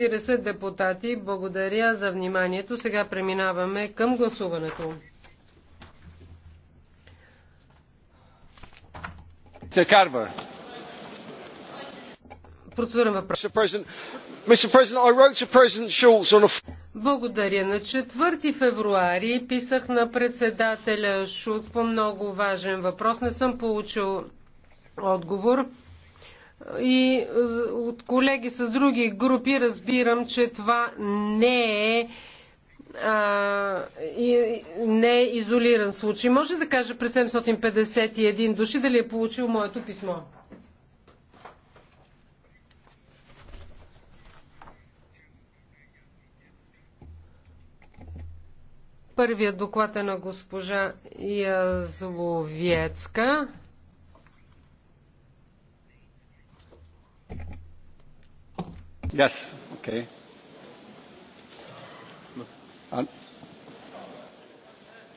40 депутати. Благодаря за вниманието. Сега преминаваме към гласуването. Процедурен въпрос. Благодаря. На 4 февруари писах на председателя Шут по много важен въпрос. Не съм получил отговор и от колеги с други групи разбирам, че това не е а, и, не е изолиран случай. Може да каже през 751 души дали е получил моето писмо? Първият доклад е на госпожа Язловецка. Yes, okay.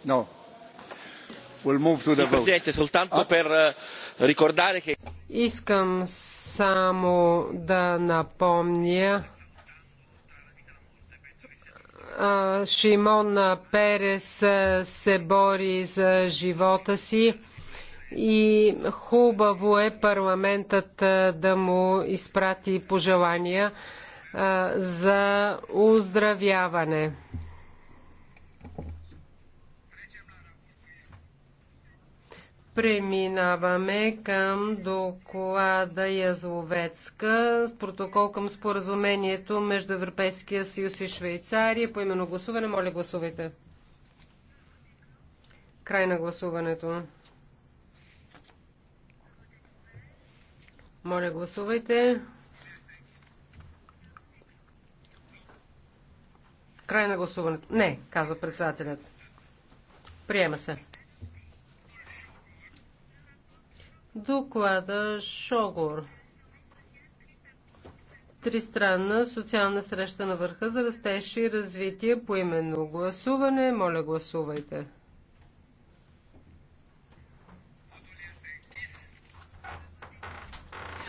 No. We'll move to the vote. Presidente, soltanto per ricordare che... Искам само да напомня Шимон Перес се бори за живота си и хубаво е парламентът да му изпрати пожелания за оздравяване. Преминаваме към доклада Язловецка, протокол към споразумението между Европейския съюз и Швейцария. По именно гласуване, моля гласувайте. Край на гласуването. Моля, гласувайте. Край на гласуването. Не, казва председателят. Приема се. Доклада Шогор. Тристранна социална среща на върха за растеж и развитие по именно гласуване. Моля, гласувайте.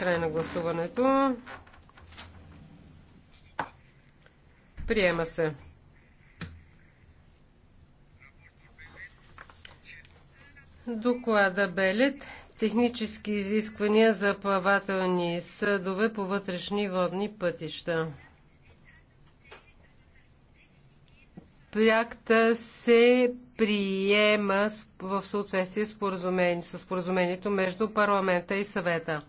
Край на гласуването. Приема се. Доклада Белет. Технически изисквания за плавателни съдове по вътрешни водни пътища. Проекта се приема в съответствие с, с споразумението между парламента и съвета.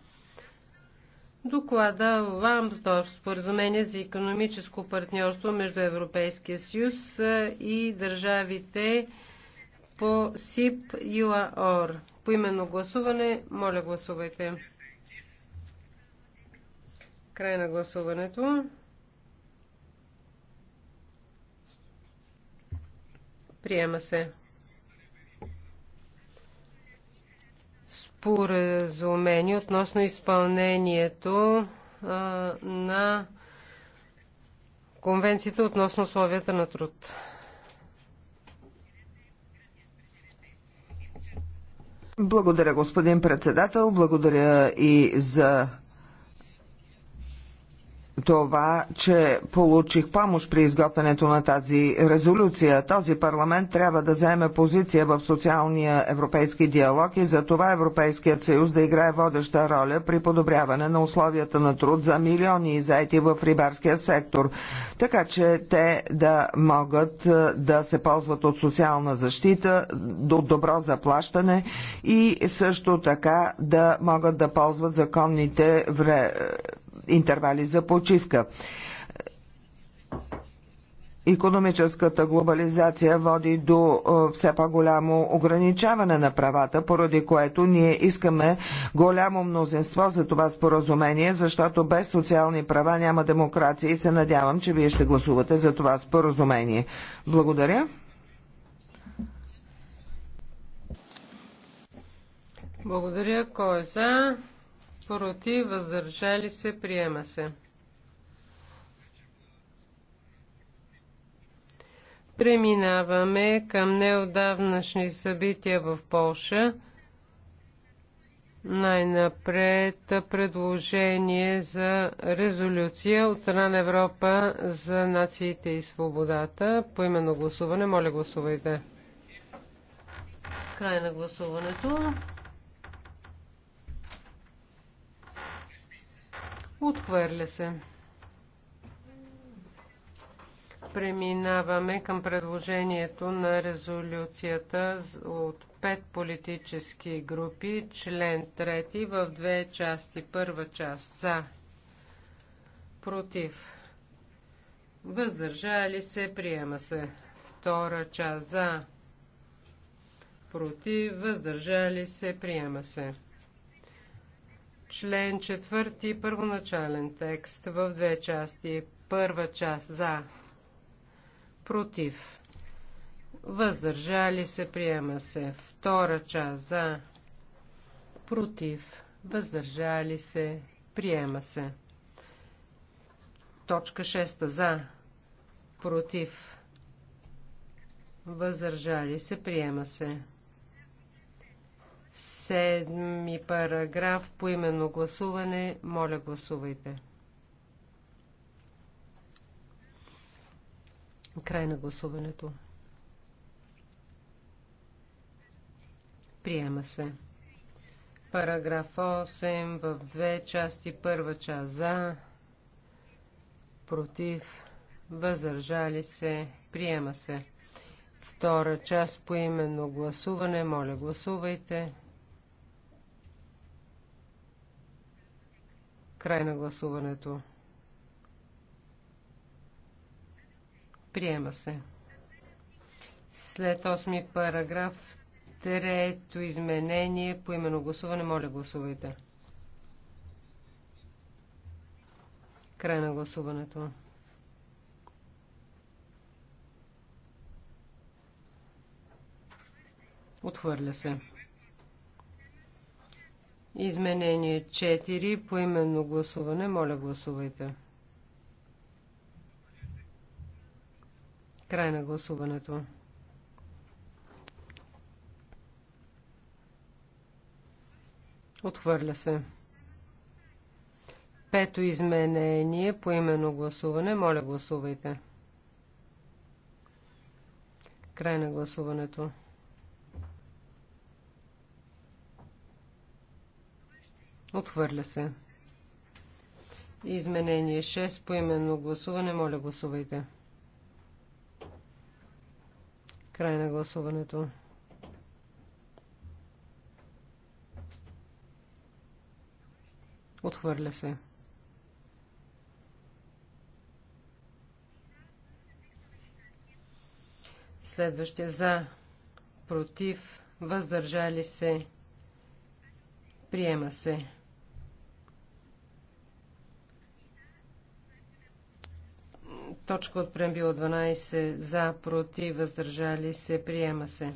Доклада ВАМСДОР, споразумение за економическо партньорство между Европейския съюз и държавите по СИП ЮАОР. По именно гласуване, моля гласувайте. Край на гласуването. Приема се. споразумение относно изпълнението а, на Конвенцията относно условията на труд. Благодаря, господин председател. Благодаря и за това, че получих помощ при изготвянето на тази резолюция. Този парламент трябва да заеме позиция в социалния европейски диалог и за това Европейският съюз да играе водеща роля при подобряване на условията на труд за милиони заети в рибарския сектор, така че те да могат е, да се ползват от социална защита, до добро заплащане и също така да могат да ползват законните вре интервали за почивка. Економическата глобализация води до е, все по-голямо ограничаване на правата, поради което ние искаме голямо мнозинство за това споразумение, защото без социални права няма демокрация и се надявам, че вие ще гласувате за това споразумение. Благодаря. Благодаря. Кой е за? против, въздържали се, приема се. Преминаваме към неодавнашни събития в Полша. Най-напред предложение за резолюция от страна на Европа за нациите и свободата. По именно гласуване, моля гласувайте. Край на гласуването. Отхвърля се. Преминаваме към предложението на резолюцията от пет политически групи, член трети, в две части. Първа част за, против, въздържали се, приема се. Втора част за, против, въздържали се, приема се. Член четвърти, първоначален текст в две части. Първа част за, против, въздържали се, приема се. Втора част за, против, въздържали се, приема се. Точка 6 за, против, въздържали се, приема се. Седми параграф по именно гласуване. Моля, гласувайте. Край на гласуването. Приема се. Параграф 8 в две части. Първа част за, против, въздържали се. Приема се. Втора част по именно гласуване. Моля, гласувайте. Край на гласуването. Приема се. След 8 параграф, трето изменение по именно гласуване. Моля, гласувайте. Край на гласуването. Отхвърля се. Изменение 4 по именно гласуване. Моля, гласувайте. Край на гласуването. Отхвърля се. Пето изменение по именно гласуване. Моля, гласувайте. Край на гласуването. Отхвърля се. Изменение 6 по именно гласуване. Моля, гласувайте. Край на гласуването. Отхвърля се. Следващия за, против, въздържали се, приема се. точка от преамбила 12 за, против, въздържали се, приема се.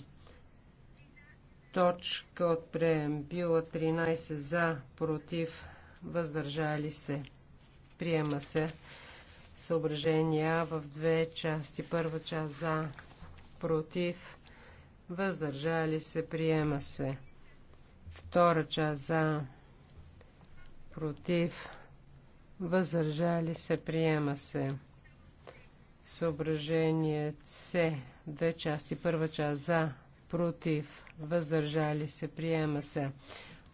Точка от преамбила 13 за, против, въздържали се, приема се. Съображения в две части. Първа част за, против, въздържали се, приема се. Втора част за, против, въздържали се, приема се. Съображение С. Две части. Първа част за, против, въздържали се, приема се.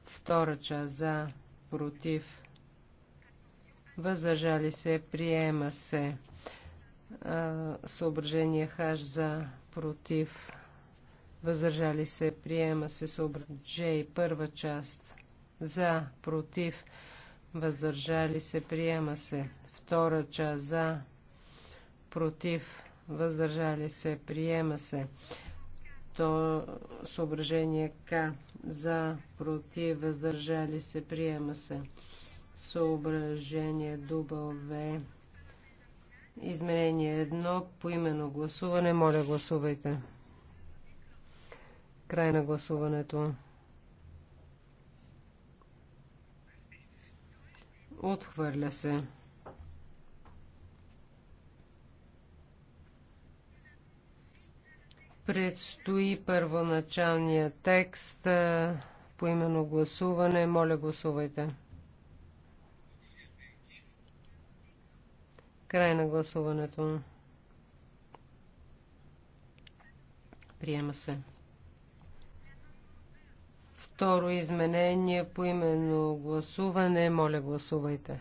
Втора част за, против, въздържали се, приема се. Съображение Х за, против, въздържали се, приема се. Съображение първа част за, против, въздържали се, приема се. Втора част за, против, въздържали се, приема се. То съображение К за, против, въздържали се, приема се. Съображение В. Изменение едно. по именно гласуване. Моля, гласувайте. Край на гласуването. Отхвърля се. Предстои първоначалния текст по именно гласуване. Моля, гласувайте. Край на гласуването. Приема се. Второ изменение по именно гласуване. Моля, гласувайте.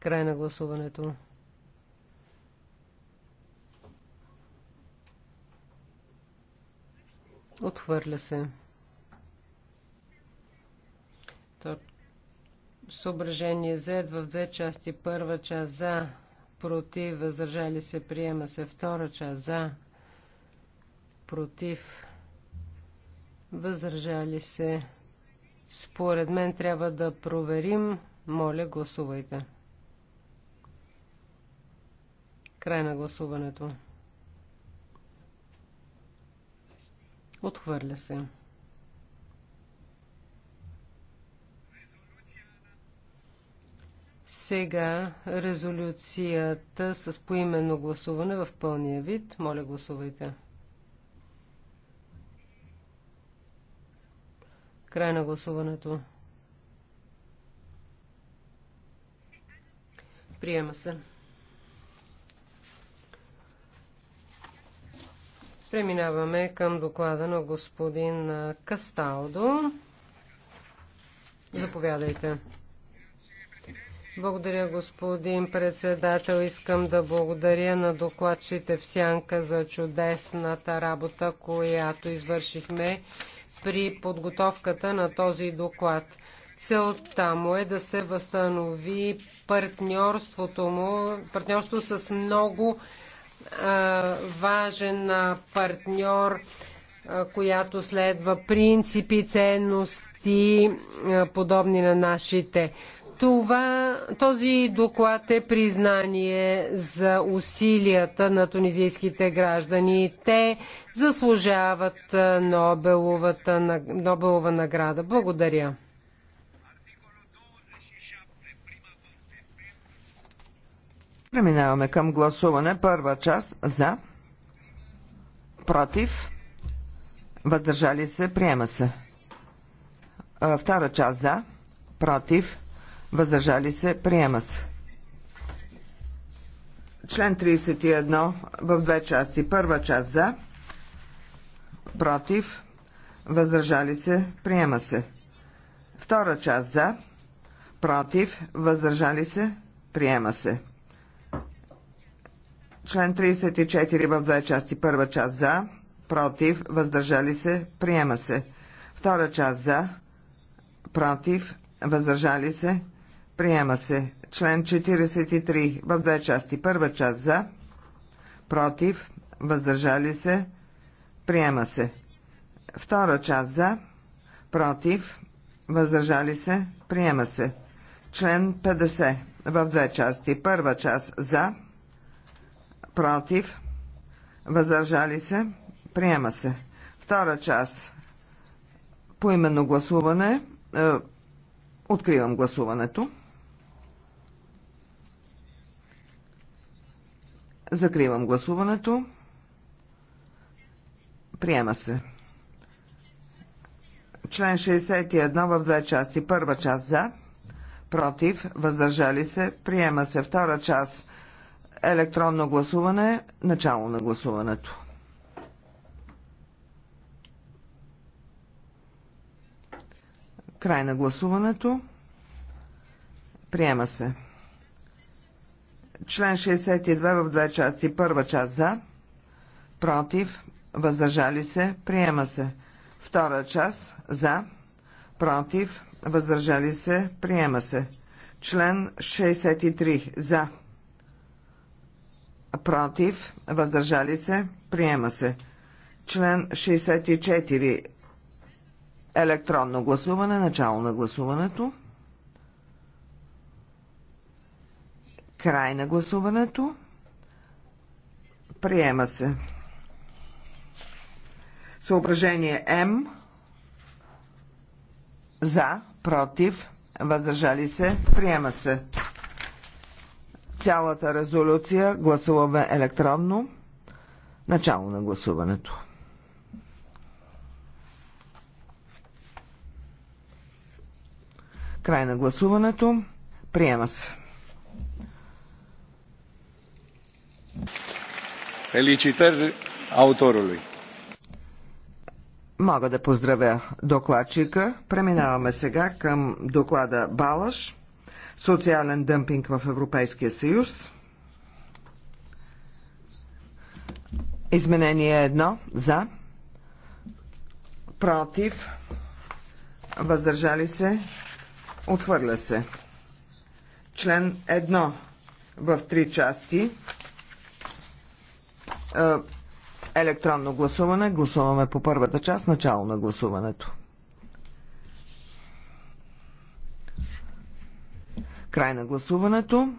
Край на гласуването. Отхвърля се. Съображение Z в две части. Първа част за, против, възражали се, приема се. Втора част за, против, възражали се. Според мен трябва да проверим. Моля, гласувайте. Край на гласуването. Отхвърля се. Сега резолюцията с поименно гласуване в пълния вид. Моля, гласувайте. Край на гласуването. Приема се. Преминаваме към доклада на господин Касталдо. Заповядайте. Благодаря, господин председател. Искам да благодаря на докладчите в Сянка за чудесната работа, която извършихме при подготовката на този доклад. Целта му е да се възстанови партньорството му, партньорство с много важен партньор, която следва принципи, ценности, подобни на нашите. Това, този доклад е признание за усилията на тунизийските граждани. Те заслужават Нобелова награда. Благодаря. Преминаваме към гласуване. Първа част за, против, въздържали се, приема се. Втора част за, против, въздържали се, приема се. Член 31 в две части. Първа част за, против, въздържали се, приема се. Втора част за, против, въздържали се, приема се. Член 34 в две части. Първа част за, против, въздържали се, приема се. Втора част за, против, въздържали се, приема се. Член 43 в две части. Първа част за, против, въздържали се, приема се. Втора част за, против, въздържали се, приема се. Член 50 в две части. Първа част за, против, въздържали се, приема се. Втора част по именно гласуване. Е, откривам гласуването. Закривам гласуването. Приема се. Член 61 в две части. Първа част за, против, въздържали се, приема се. Втора част електронно гласуване, начало на гласуването. Край на гласуването. Приема се. Член 62 в две части. Първа част за, против, въздържали се, приема се. Втора част за, против, въздържали се, приема се. Член 63 за, против, въздържали се, приема се. Член 64 електронно гласуване, начало на гласуването. Край на гласуването. Приема се. Съображение М. За, против, въздържали се, приема се цялата резолюция гласуваме електронно. Начало на гласуването. Край на гласуването. Приема се. Феличитър ауторului. Мога да поздравя докладчика. Преминаваме сега към доклада Балаш социален дъмпинг в Европейския съюз. Изменение едно за, против, въздържали се, отхвърля се. Член едно в три части. Е, електронно гласуване. Гласуваме по първата част, начало на гласуването. Край на гласуването.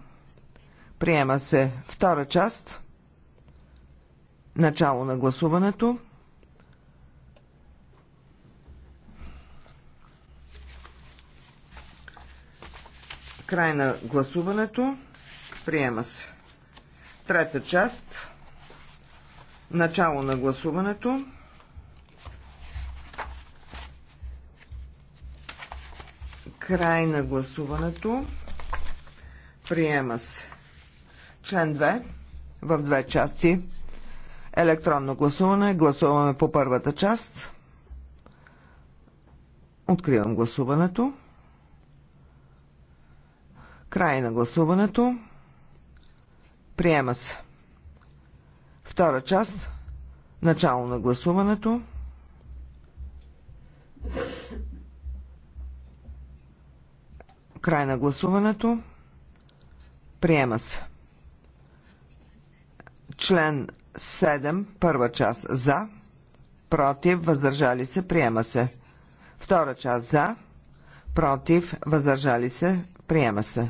Приема се втора част. Начало на гласуването. Край на гласуването. Приема се. Трета част. Начало на гласуването. Край на гласуването. Приема се. Член 2 в две части. Електронно гласуване. Гласуваме по първата част. Откривам гласуването. Край на гласуването. Приема се. Втора част. Начало на гласуването. Край на гласуването. Приема се. Член 7, първа част за, против, въздържали се, приема се. Втора част за, против, въздържали се, приема се.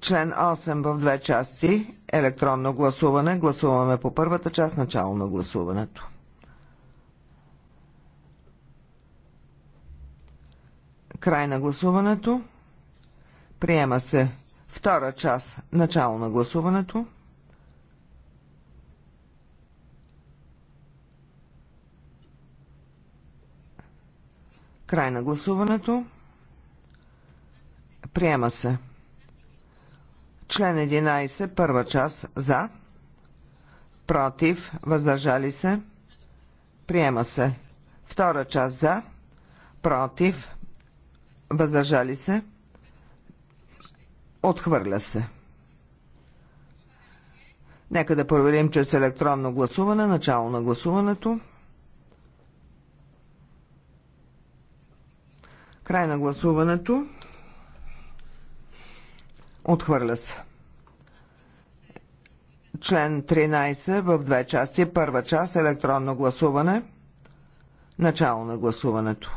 Член 8 в две части, електронно гласуване. Гласуваме по първата част, начало на гласуването. Край на гласуването. Приема се Втора част. Начало на гласуването. Край на гласуването. Приема се. Член 11, първа част за. Против, въздържали се. Приема се. Втора част за. Против, въздържали се. Отхвърля се. Нека да проверим чрез електронно гласуване, начало на гласуването. Край на гласуването. Отхвърля се. Член 13 в две части. Първа част електронно гласуване. Начало на гласуването.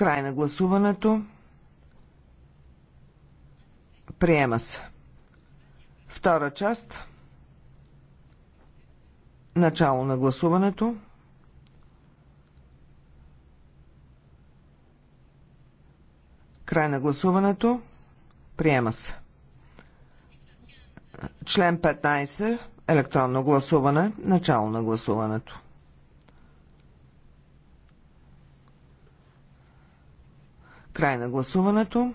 Край на гласуването. Приема се. Втора част. Начало на гласуването. Край на гласуването. Приема се. Член 15. Електронно гласуване. Начало на гласуването. Край на гласуването.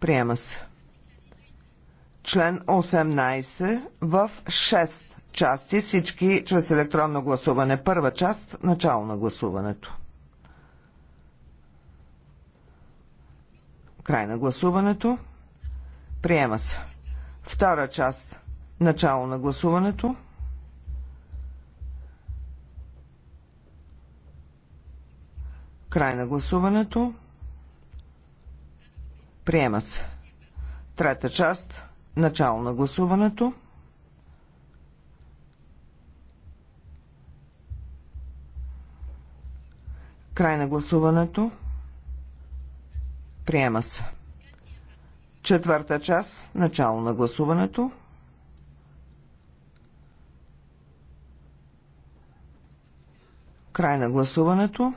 Приема се. Член 18 в 6 части, всички чрез електронно гласуване. Първа част, начало на гласуването. Край на гласуването. Приема се. Втора част, начало на гласуването. Край на гласуването. Приема се. Трета част. Начало на гласуването. Край на гласуването. Приема се. Четвърта част. Начало на гласуването. Край на гласуването.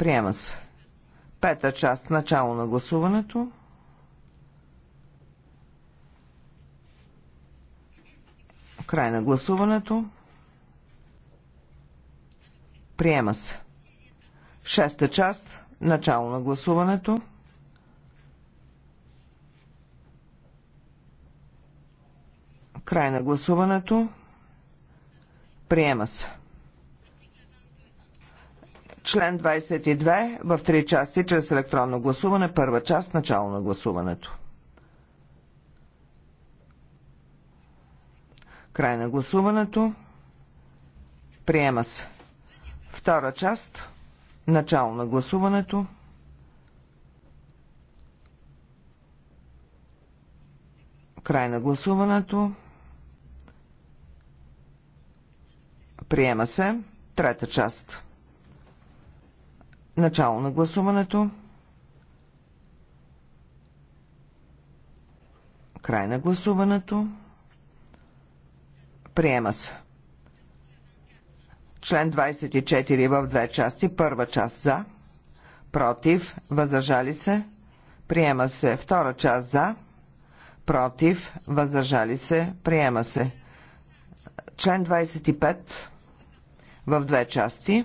Приема се. Пета част. Начало на гласуването. Край на гласуването. Приема се. Шеста част. Начало на гласуването. Край на гласуването. Приема се. Член 22 в три части чрез електронно гласуване. Първа част начало на гласуването. Край на гласуването. Приема се. Втора част начало на гласуването. Край на гласуването. Приема се. Трета част. Начало на гласуването. Край на гласуването. Приема се. Член 24 в две части. Първа част за. Против. Въздържали се. Приема се. Втора част за. Против. Въздържали се. Приема се. Член 25 в две части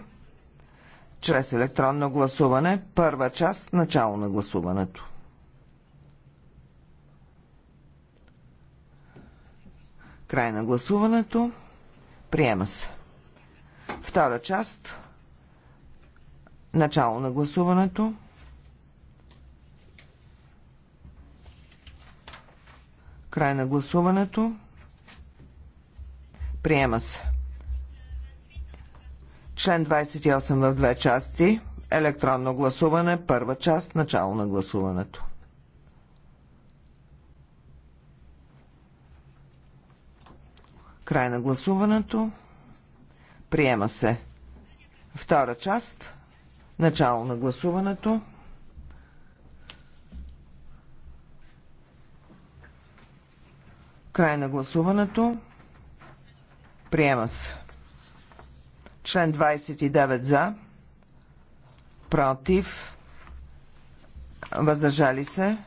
чрез електронно гласуване. Първа част – начало на гласуването. Край на гласуването. Приема се. Втора част – начало на гласуването. Край на гласуването. Приема се. Член 28 в две части. Електронно гласуване. Първа част. Начало на гласуването. Край на гласуването. Приема се. Втора част. Начало на гласуването. Край на гласуването. Приема се. Член 29 за. Против. Въздържали се.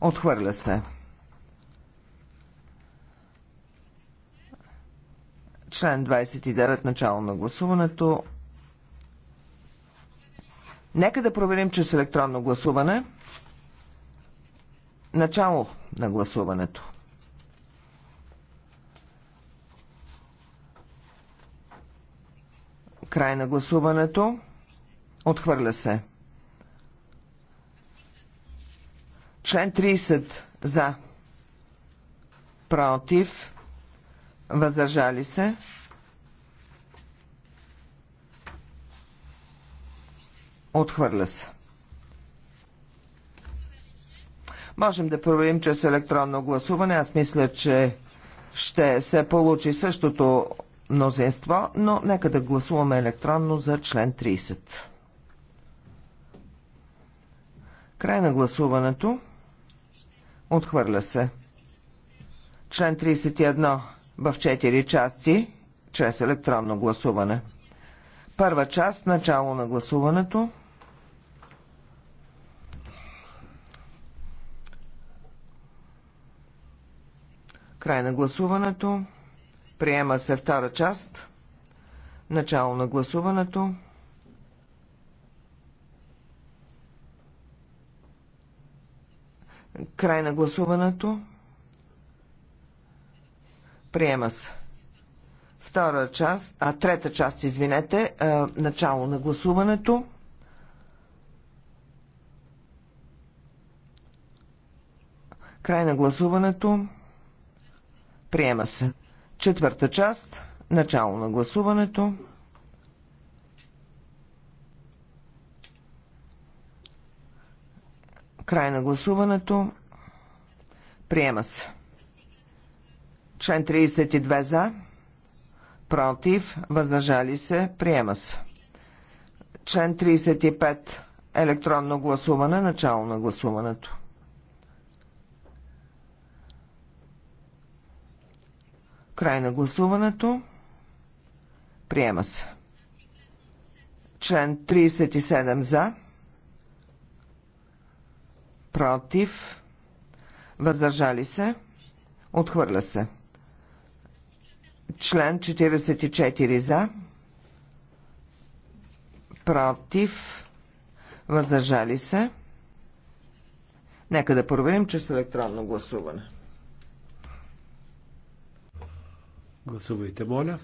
Отхвърля се. Член 29, начало на гласуването. Нека да проверим, че с електронно гласуване. Начало на гласуването. Край на гласуването. Отхвърля се. Член 30 за. Против. Въздържали се. Отхвърля се. Можем да проверим чрез електронно гласуване. Аз мисля, че ще се получи същото мнозинство, но нека да гласуваме електронно за член 30. Край на гласуването. Отхвърля се. Член 31 в 4 части, чрез електронно гласуване. Първа част, начало на гласуването. Край на гласуването. Приема се втора част. Начало на гласуването. Край на гласуването. Приема се. Втора част, а трета част, извинете, а, начало на гласуването. Край на гласуването. Приема се. Четвърта част. Начало на гласуването. Край на гласуването. Приема се. Член 32 за. Против. Въздържали се. Приема се. Член 35. Електронно гласуване. Начало на гласуването. Край на гласуването. Приема се. Член 37 за. Против. Въздържали се. Отхвърля се. Член 44 за. Против. Въздържали се. Нека да проверим, че с електронно гласуване. Гласувайте, моля.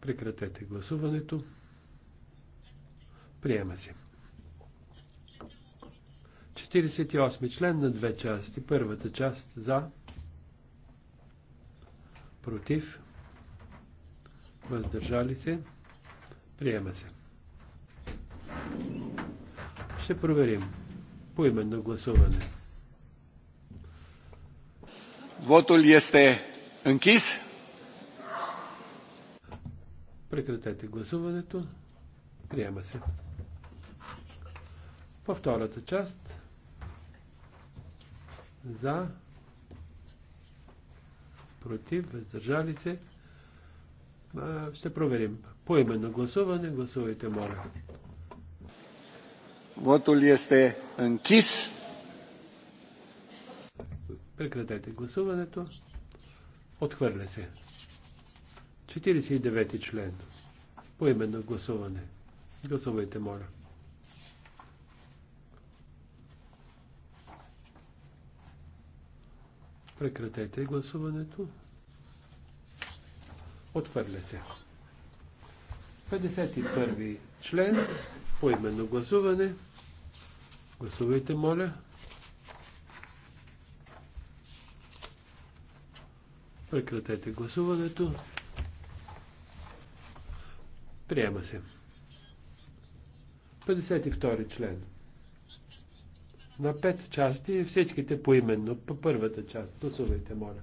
Прекратете гласуването. Приема се. 48 член на две части. Първата част за, против, въздържали се, приема се. Ще проверим поименно гласуване. Votul este închis. Прекратете гласуването. Приема се. По втората част. За. Против. Въздържали се. Ще проверим. По именно гласуване. Гласувайте, моля. Votul este închis. Прекратете гласуването. Отхвърля се. 49 член. Поименно гласуване. Гласувайте, моля. Прекратете гласуването. Отхвърля се. 51 член. Поименно гласуване. Гласувайте, моля. Прекратете гласуването. Приема се. 52 член. На пет части, всичките поименно. По първата част. Гласувайте, моля.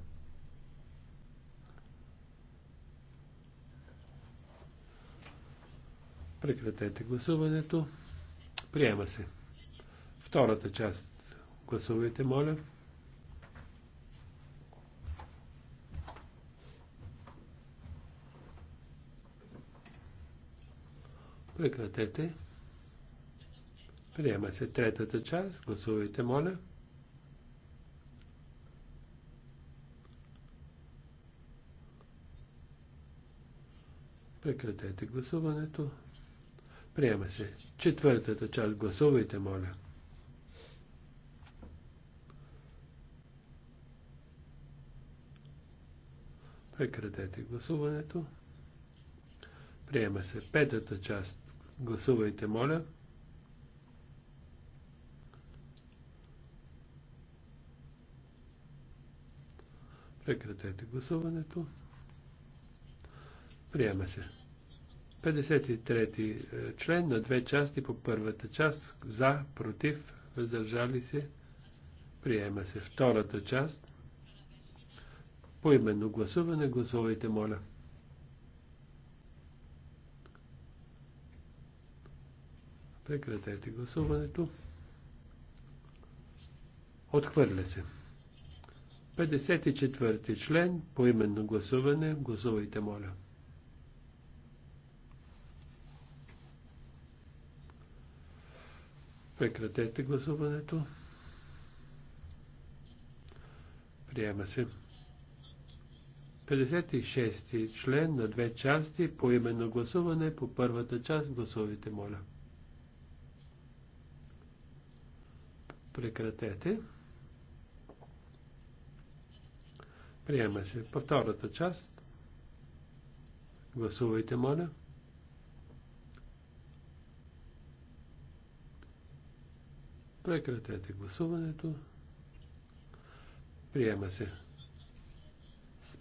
Прекратете гласуването. Приема се. Втората част. Гласувайте, моля. Прекратете. Приема се третата част. Гласувайте, моля. Прекратете гласуването. Приема се. Четвъртата част. Гласувайте, моля. Прекратете гласуването. Приема се. Петата част. Гласувайте, моля. Прекратете гласуването. Приема се. 53-ти е, член на две части по първата част. За, против, въздържали се. Приема се втората част. По именно гласуване гласувайте, моля. Прекратете гласуването. Отхвърля се. 54 ти член, по именно гласуване. Гласувайте, моля. Прекратете гласуването. Приема се. 56 ти член на две части, по именно гласуване, по първата част гласувайте, моля. Прекратете. Приема се. По втората част. Гласувайте, моля. Прекратете гласуването. Приема се.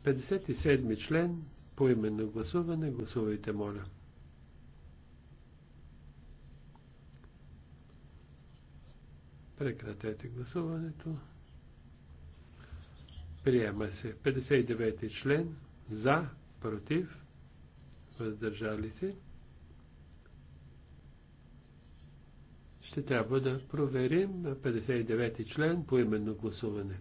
57 член по именно гласуване. Гласувайте, моля. Прекратете гласуването. Приема се 59 ти член за, против, въздържали се. Ще трябва да проверим 59 член по именно гласуване.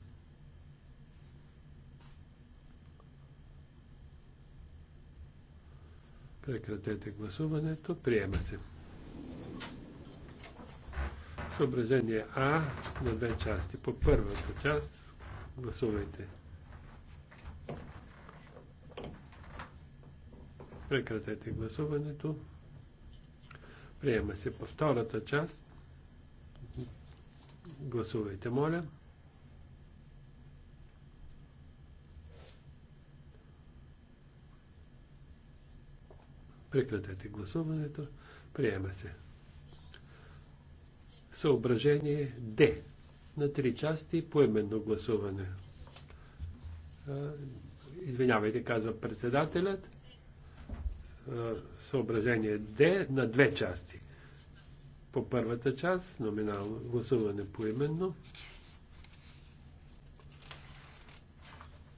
Прекратете гласуването. Приема се. Съображение А на две части. По първата част гласувайте. Прекратете гласуването. Приема се по втората част. Гласувайте, моля. Прекратете гласуването. Приема се съображение Д на три части по именно гласуване. Извинявайте, казва председателят. Съображение Д на две части. По първата част, номинално гласуване по именно.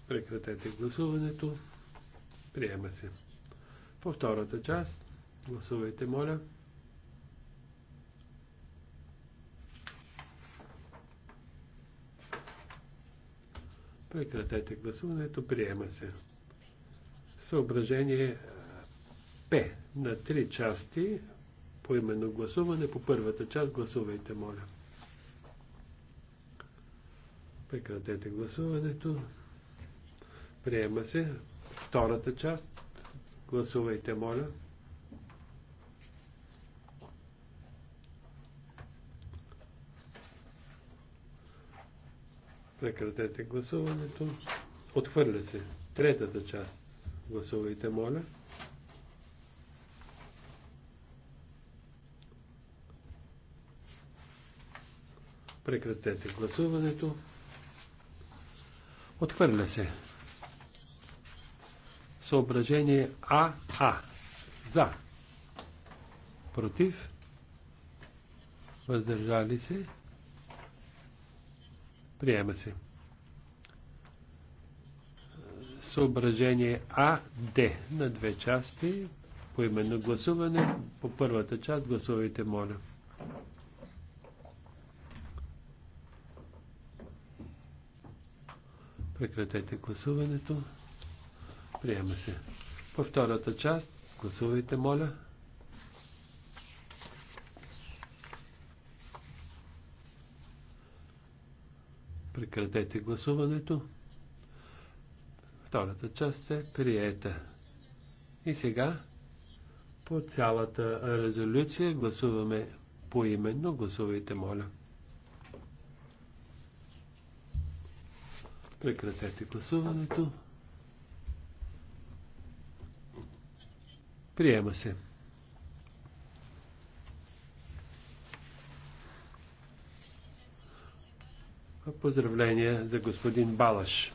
Прекратете гласуването. Приема се. По втората част, гласувайте, моля. Прекратете гласуването. Приема се. Съображение П на три части по именно гласуване. По първата част гласувайте, моля. Прекратете гласуването. Приема се. Втората част. Гласувайте, моля. Прекратете гласуването. Отхвърля се. Третата част. Гласувайте, моля. Прекратете гласуването. Отхвърля се. Съображение АА. За. Против. Въздържали се. Приема се. Съображение А, Д на две части. По именно гласуване. По първата част гласувайте, моля. Прекратете гласуването. Приема се. По втората част гласувайте, моля. Прекратете гласуването. Втората част е приета. И сега по цялата резолюция гласуваме поименно. Гласувайте, моля. Прекратете гласуването. Приема се. Поздравления за господин Балаш.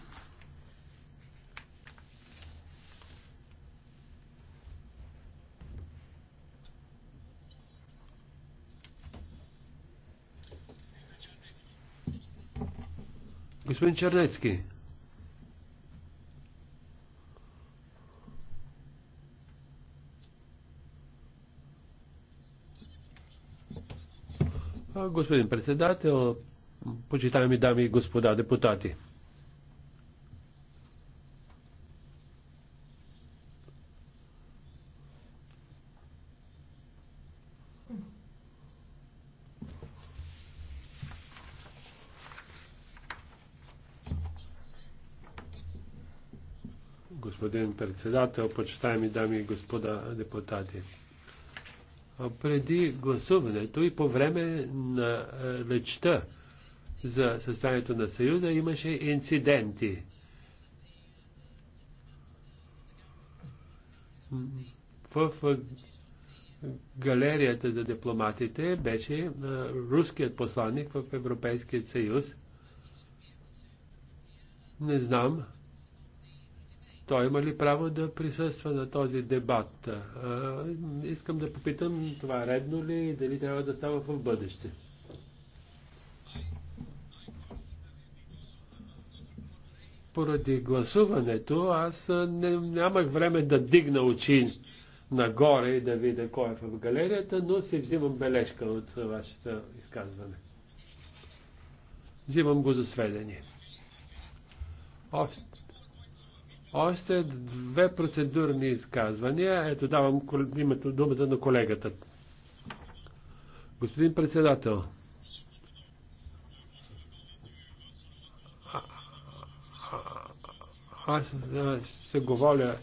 Господин Чернецки. Господин председател, почитаеми дами и господа депутати. господин председател, почитаеми дами и господа депутати. Преди гласуването и по време на е, речта за състоянието на Съюза имаше инциденти. В галерията за дипломатите беше руският посланник в Европейския съюз. Не знам, той има ли право да присъства на този дебат. искам да попитам това редно ли е и дали трябва да става в бъдеще. Поради гласуването аз не, нямах време да дигна очи нагоре и да видя кой е в галерията, но си взимам бележка от вашето изказване. Взимам го за сведение. Още, още две процедурни изказвания. Ето давам името думата на колегата. Господин председател, Аз се говоря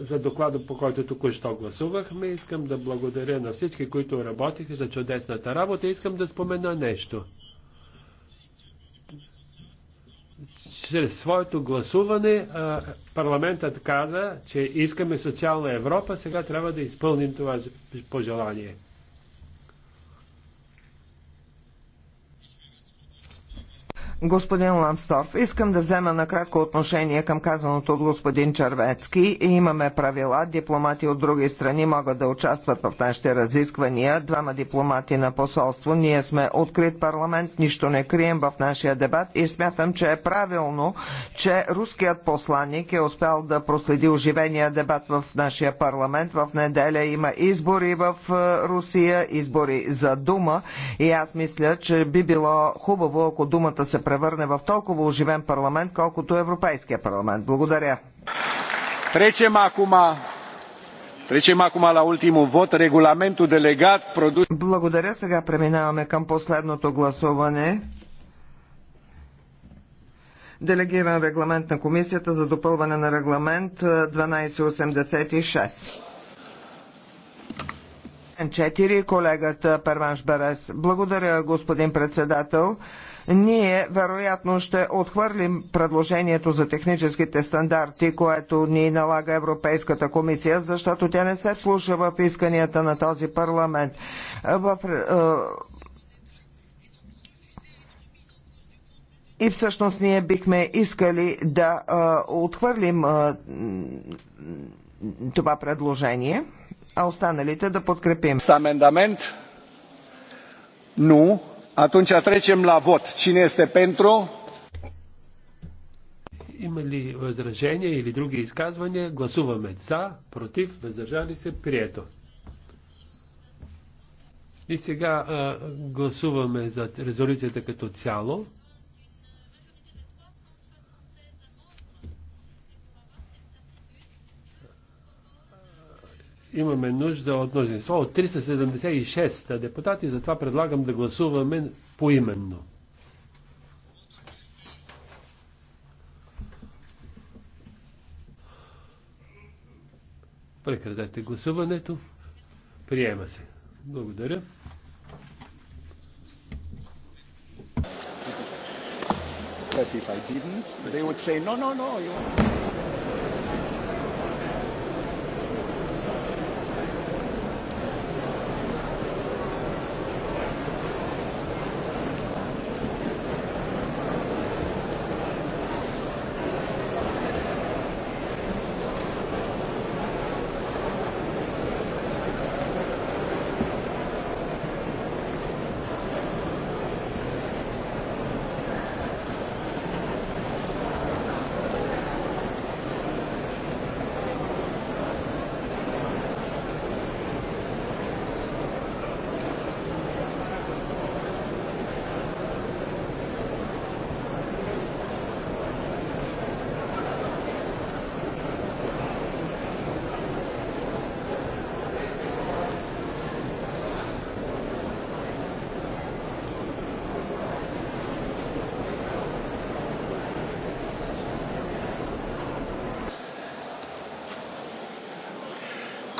за доклада, по който току-що гласувахме. Искам да благодаря на всички, които работиха за чудесната работа. Искам да спомена нещо. Чрез своето гласуване парламентът каза, че искаме социална Европа, сега трябва да изпълним това пожелание. господин Ламсторф. Искам да взема накратко отношение към казаното от господин Червецки. имаме правила. Дипломати от други страни могат да участват в нашите разисквания. Двама дипломати на посолство. Ние сме открит парламент, нищо не крием в нашия дебат и смятам, че е правилно, че руският посланник е успял да проследи оживения дебат в нашия парламент. В неделя има избори в е, Русия, избори за дума и аз мисля, че би било хубаво, ако думата се превърне в толкова оживен парламент, колкото Европейския парламент. Благодаря. Trecem acum, trecem acum la ultimul vot, regulamentul delegat produs... Благодаря. Сега преминаваме към последното гласуване. Делегиран регламент на комисията за допълване на регламент 1286. Е, четири, Колегата Перванш Берес. Благодаря, господин председател. Ние вероятно ще отхвърлим предложението за техническите стандарти, което ни налага Европейската комисия, защото тя не се вслуша в исканията на този парламент. В е, И всъщност ние бихме искали да а, е, отхвърлим а, е, това предложение, а останалите да подкрепим. С Ну. Atunci trecem la vot. Cine este pentru? Има ли възражения или други изказвания? Гласуваме за, против, въздържали се, прието. И сега а, гласуваме за резолюцията като цяло. имаме нужда от мнозинство от 376 депутати, затова предлагам да гласуваме поименно. Прекратете гласуването. Приема се. Благодаря. But if I didn't, they would say, no, no, no. You're...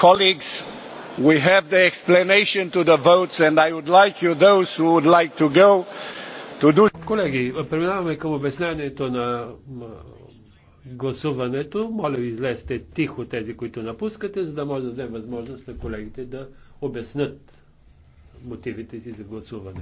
colleagues, we have the explanation to the votes and I would like you, those who would like to go, to do... Колеги, преминаваме към обяснението на гласуването. Моля ви, излезте тихо тези, които напускате, за да може да дадем възможност на колегите да обяснат мотивите си за гласуване.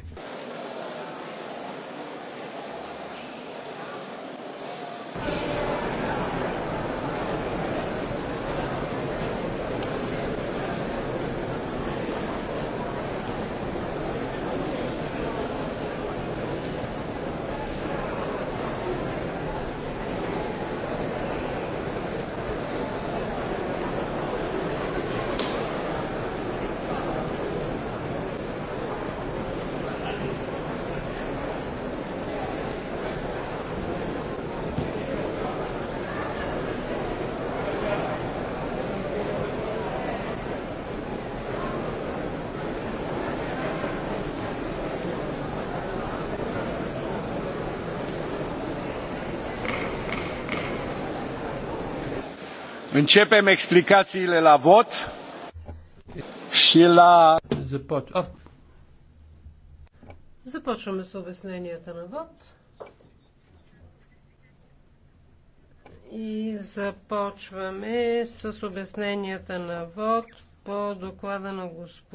Începem explicațiile la vot și la... Започваме с обясненията на вод. И започваме с обясненията на вод по доклада на господин.